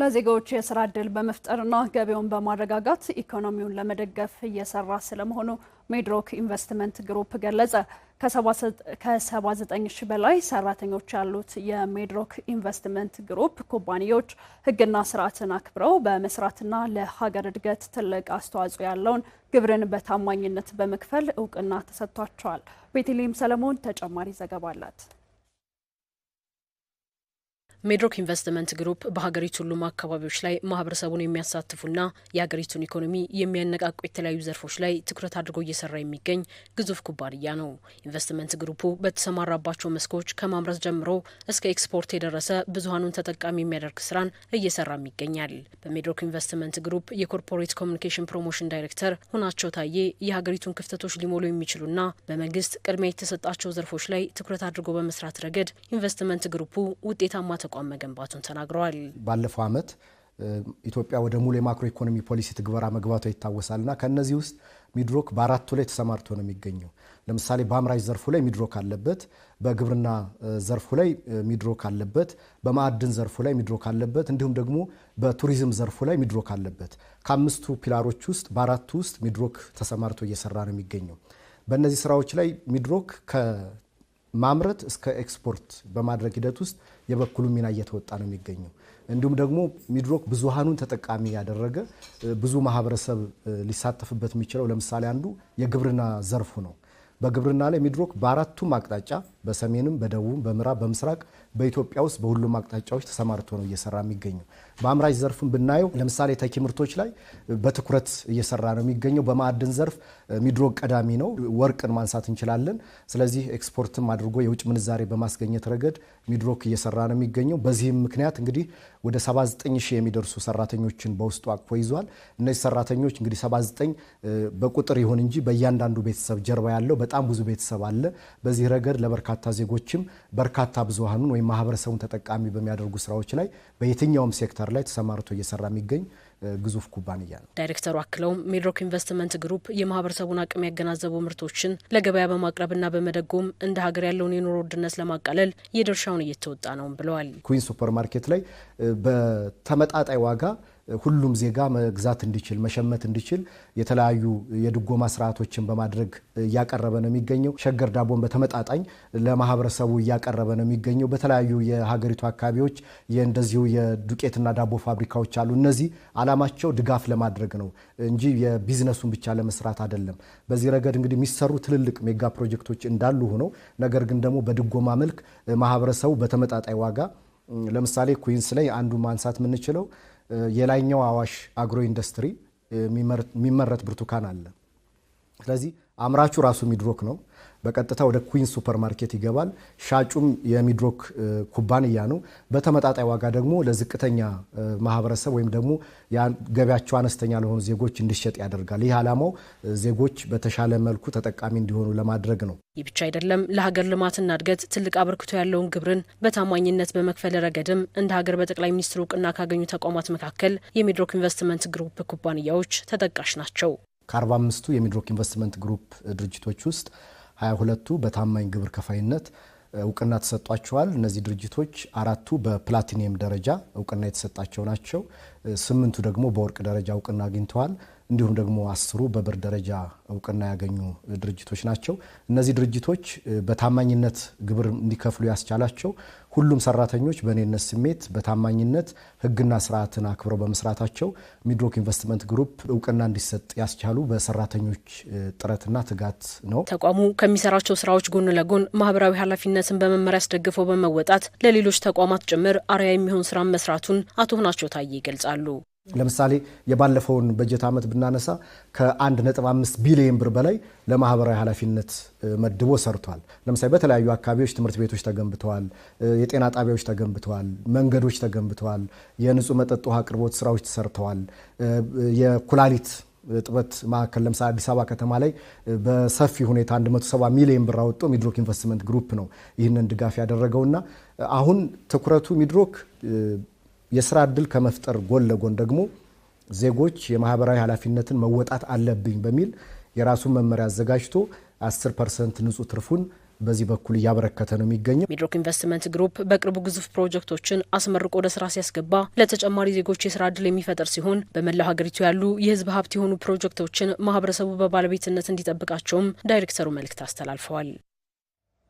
ለዜጋዎች የስራ ዕድል በመፍጠርና ገቢውን በማረጋጋት ኢኮኖሚውን ለመደገፍ እየሰራ ስለመሆኑ ሜድሮክ ኢንቨስትመንት ግሩፕ ገለጸ። ከ79 ሺህ በላይ ሰራተኞች ያሉት የሜድሮክ ኢንቨስትመንት ግሩፕ ኩባንያዎች ሕግና ስርዓትን አክብረው በመስራትና ለሀገር እድገት ትልቅ አስተዋጽኦ ያለውን ግብርን በታማኝነት በመክፈል እውቅና ተሰጥቷቸዋል። ቤቴሌም ሰለሞን ተጨማሪ ዘገባ አላት። ሜድሮክ ኢንቨስትመንት ግሩፕ በሀገሪቱ ሁሉም አካባቢዎች ላይ ማህበረሰቡን የሚያሳትፉና የሀገሪቱን ኢኮኖሚ የሚያነቃቁ የተለያዩ ዘርፎች ላይ ትኩረት አድርጎ እየሰራ የሚገኝ ግዙፍ ኩባንያ ነው። ኢንቨስትመንት ግሩፑ በተሰማራባቸው መስኮች ከማምረት ጀምሮ እስከ ኤክስፖርት የደረሰ ብዙሀኑን ተጠቃሚ የሚያደርግ ስራን እየሰራም ይገኛል። በሜድሮክ ኢንቨስትመንት ግሩፕ የኮርፖሬት ኮሚኒኬሽን ፕሮሞሽን ዳይሬክተር ሁናቸው ታዬ የሀገሪቱን ክፍተቶች ሊሞሉ የሚችሉና በመንግስት ቅድሚያ የተሰጣቸው ዘርፎች ላይ ትኩረት አድርጎ በመስራት ረገድ ኢንቨስትመንት ግሩፑ ውጤታማ ተቋ ተቋም መገንባቱን ተናግረዋል። ባለፈው ዓመት ኢትዮጵያ ወደ ሙሉ የማክሮ ኢኮኖሚ ፖሊሲ ትግበራ መግባቷ ይታወሳልና ከእነዚህ ውስጥ ሚድሮክ በአራቱ ላይ ተሰማርቶ ነው የሚገኘው። ለምሳሌ በአምራች ዘርፉ ላይ ሚድሮክ አለበት፣ በግብርና ዘርፉ ላይ ሚድሮክ አለበት፣ በማዕድን ዘርፉ ላይ ሚድሮክ አለበት፣ እንዲሁም ደግሞ በቱሪዝም ዘርፉ ላይ ሚድሮክ አለበት። ከአምስቱ ፒላሮች ውስጥ በአራቱ ውስጥ ሚድሮክ ተሰማርቶ እየሰራ ነው የሚገኘው። በእነዚህ ስራዎች ላይ ሚድሮክ ማምረት እስከ ኤክስፖርት በማድረግ ሂደት ውስጥ የበኩሉ ሚና እየተወጣ ነው የሚገኘው። እንዲሁም ደግሞ ሚድሮክ ብዙሃኑን ተጠቃሚ ያደረገ ብዙ ማህበረሰብ ሊሳተፍበት የሚችለው ለምሳሌ አንዱ የግብርና ዘርፉ ነው። በግብርና ላይ ሚድሮክ በአራቱም አቅጣጫ በሰሜንም፣ በደቡብም፣ በምዕራብ፣ በምስራቅ በኢትዮጵያ ውስጥ በሁሉም አቅጣጫዎች ተሰማርቶ ነው እየሰራ የሚገኘው። በአምራች ዘርፍም ብናየው ለምሳሌ ተኪ ምርቶች ላይ በትኩረት እየሰራ ነው የሚገኘው። በማዕድን ዘርፍ ሚድሮክ ቀዳሚ ነው። ወርቅን ማንሳት እንችላለን። ስለዚህ ኤክስፖርትም አድርጎ የውጭ ምንዛሬ በማስገኘት ረገድ ሚድሮክ እየሰራ ነው የሚገኘው። በዚህም ምክንያት እንግዲህ ወደ 79 ሺህ የሚደርሱ ሰራተኞችን በውስጡ አቅፎ ይዟል። እነዚህ ሰራተኞች እንግዲህ 79 በቁጥር ይሁን እንጂ በእያንዳንዱ ቤተሰብ ጀርባ ያለው በጣም ብዙ ቤተሰብ አለ። በዚህ ረገድ ለበርካታ ዜጎችም በርካታ ብዙሃኑን ወይም ማህበረሰቡን ተጠቃሚ በሚያደርጉ ስራዎች ላይ በየትኛውም ሴክተር ላይ ተሰማርቶ እየሰራ የሚገኝ ግዙፍ ኩባንያ ነው። ዳይሬክተሩ አክለውም ሚድሮክ ኢንቨስትመንት ግሩፕ የማህበረሰቡን አቅም ያገናዘቡ ምርቶችን ለገበያ በማቅረብና በመደጎም እንደ ሀገር ያለውን የኑሮ ውድነት ለማቃለል የድርሻውን እየተወጣ ነውም ብለዋል። ኩዊን ሱፐርማርኬት ላይ በተመጣጣይ ዋጋ ሁሉም ዜጋ መግዛት እንዲችል መሸመት እንዲችል የተለያዩ የድጎማ ስርዓቶችን በማድረግ እያቀረበ ነው የሚገኘው። ሸገር ዳቦን በተመጣጣኝ ለማህበረሰቡ እያቀረበ ነው የሚገኘው። በተለያዩ የሀገሪቱ አካባቢዎች እንደዚሁ የዱቄትና ዳቦ ፋብሪካዎች አሉ። እነዚህ አላማቸው ድጋፍ ለማድረግ ነው እንጂ የቢዝነሱን ብቻ ለመስራት አይደለም። በዚህ ረገድ እንግዲህ የሚሰሩ ትልልቅ ሜጋ ፕሮጀክቶች እንዳሉ ሆነው ነገር ግን ደግሞ በድጎማ መልክ ማህበረሰቡ በተመጣጣኝ ዋጋ ለምሳሌ ኩዊንስ ላይ አንዱ ማንሳት የምንችለው የላይኛው አዋሽ አግሮ ኢንዱስትሪ የሚመረት ብርቱካን አለ። ስለዚህ አምራቹ ራሱ ሚድሮክ ነው። በቀጥታ ወደ ኩዊንስ ሱፐር ማርኬት ይገባል። ሻጩም የሚድሮክ ኩባንያ ነው። በተመጣጣይ ዋጋ ደግሞ ለዝቅተኛ ማህበረሰብ ወይም ደግሞ ገቢያቸው አነስተኛ ለሆኑ ዜጎች እንዲሸጥ ያደርጋል። ይህ ዓላማው ዜጎች በተሻለ መልኩ ተጠቃሚ እንዲሆኑ ለማድረግ ነው። ይህ ብቻ አይደለም። ለሀገር ልማትና እድገት ትልቅ አበርክቶ ያለውን ግብርን በታማኝነት በመክፈል ረገድም እንደ ሀገር በጠቅላይ ሚኒስትሩ እውቅና ካገኙ ተቋማት መካከል የሚድሮክ ኢንቨስትመንት ግሩፕ ኩባንያዎች ተጠቃሽ ናቸው። ከ45ቱ የሚድሮክ ኢንቨስትመንት ግሩፕ ድርጅቶች ውስጥ 22ቱ በታማኝ ግብር ከፋይነት እውቅና ተሰጧቸዋል። እነዚህ ድርጅቶች አራቱ በፕላቲኒየም ደረጃ እውቅና የተሰጣቸው ናቸው። ስምንቱ ደግሞ በወርቅ ደረጃ እውቅና አግኝተዋል። እንዲሁም ደግሞ አስሩ በብር ደረጃ እውቅና ያገኙ ድርጅቶች ናቸው። እነዚህ ድርጅቶች በታማኝነት ግብር እንዲከፍሉ ያስቻላቸው ሁሉም ሰራተኞች በእኔነት ስሜት በታማኝነት ሕግና ስርዓትን አክብረው በመስራታቸው ሚድሮክ ኢንቨስትመንት ግሩፕ እውቅና እንዲሰጥ ያስቻሉ በሰራተኞች ጥረትና ትጋት ነው። ተቋሙ ከሚሰራቸው ስራዎች ጎን ለጎን ማህበራዊ ኃላፊነትን በመመሪያ አስደግፈው በመወጣት ለሌሎች ተቋማት ጭምር አርያ የሚሆን ስራን መስራቱን አቶ ሆናቸው ታዬ ይገልጻሉ። ለምሳሌ የባለፈውን በጀት ዓመት ብናነሳ ከ1.5 ቢሊዮን ብር በላይ ለማህበራዊ ኃላፊነት መድቦ ሰርቷል። ለምሳሌ በተለያዩ አካባቢዎች ትምህርት ቤቶች ተገንብተዋል፣ የጤና ጣቢያዎች ተገንብተዋል፣ መንገዶች ተገንብተዋል፣ የንጹህ መጠጥ ውሃ አቅርቦት ስራዎች ተሰርተዋል። የኩላሊት ጥበት ማዕከል ለምሳሌ አዲስ አበባ ከተማ ላይ በሰፊ ሁኔታ 170 ሚሊዮን ብር አወጥቶ ሚድሮክ ኢንቨስትመንት ግሩፕ ነው ይህንን ድጋፍ ያደረገውና አሁን ትኩረቱ ሚድሮክ የስራ እድል ከመፍጠር ጎን ለጎን ደግሞ ዜጎች የማህበራዊ ኃላፊነትን መወጣት አለብኝ በሚል የራሱን መመሪያ አዘጋጅቶ 10 ፐርሰንት ንጹህ ትርፉን በዚህ በኩል እያበረከተ ነው የሚገኘው። ሚድሮክ ኢንቨስትመንት ግሩፕ በቅርቡ ግዙፍ ፕሮጀክቶችን አስመርቆ ወደ ስራ ሲያስገባ ለተጨማሪ ዜጎች የስራ እድል የሚፈጥር ሲሆን በመላው ሀገሪቱ ያሉ የህዝብ ሀብት የሆኑ ፕሮጀክቶችን ማህበረሰቡ በባለቤትነት እንዲጠብቃቸውም ዳይሬክተሩ መልእክት አስተላልፈዋል።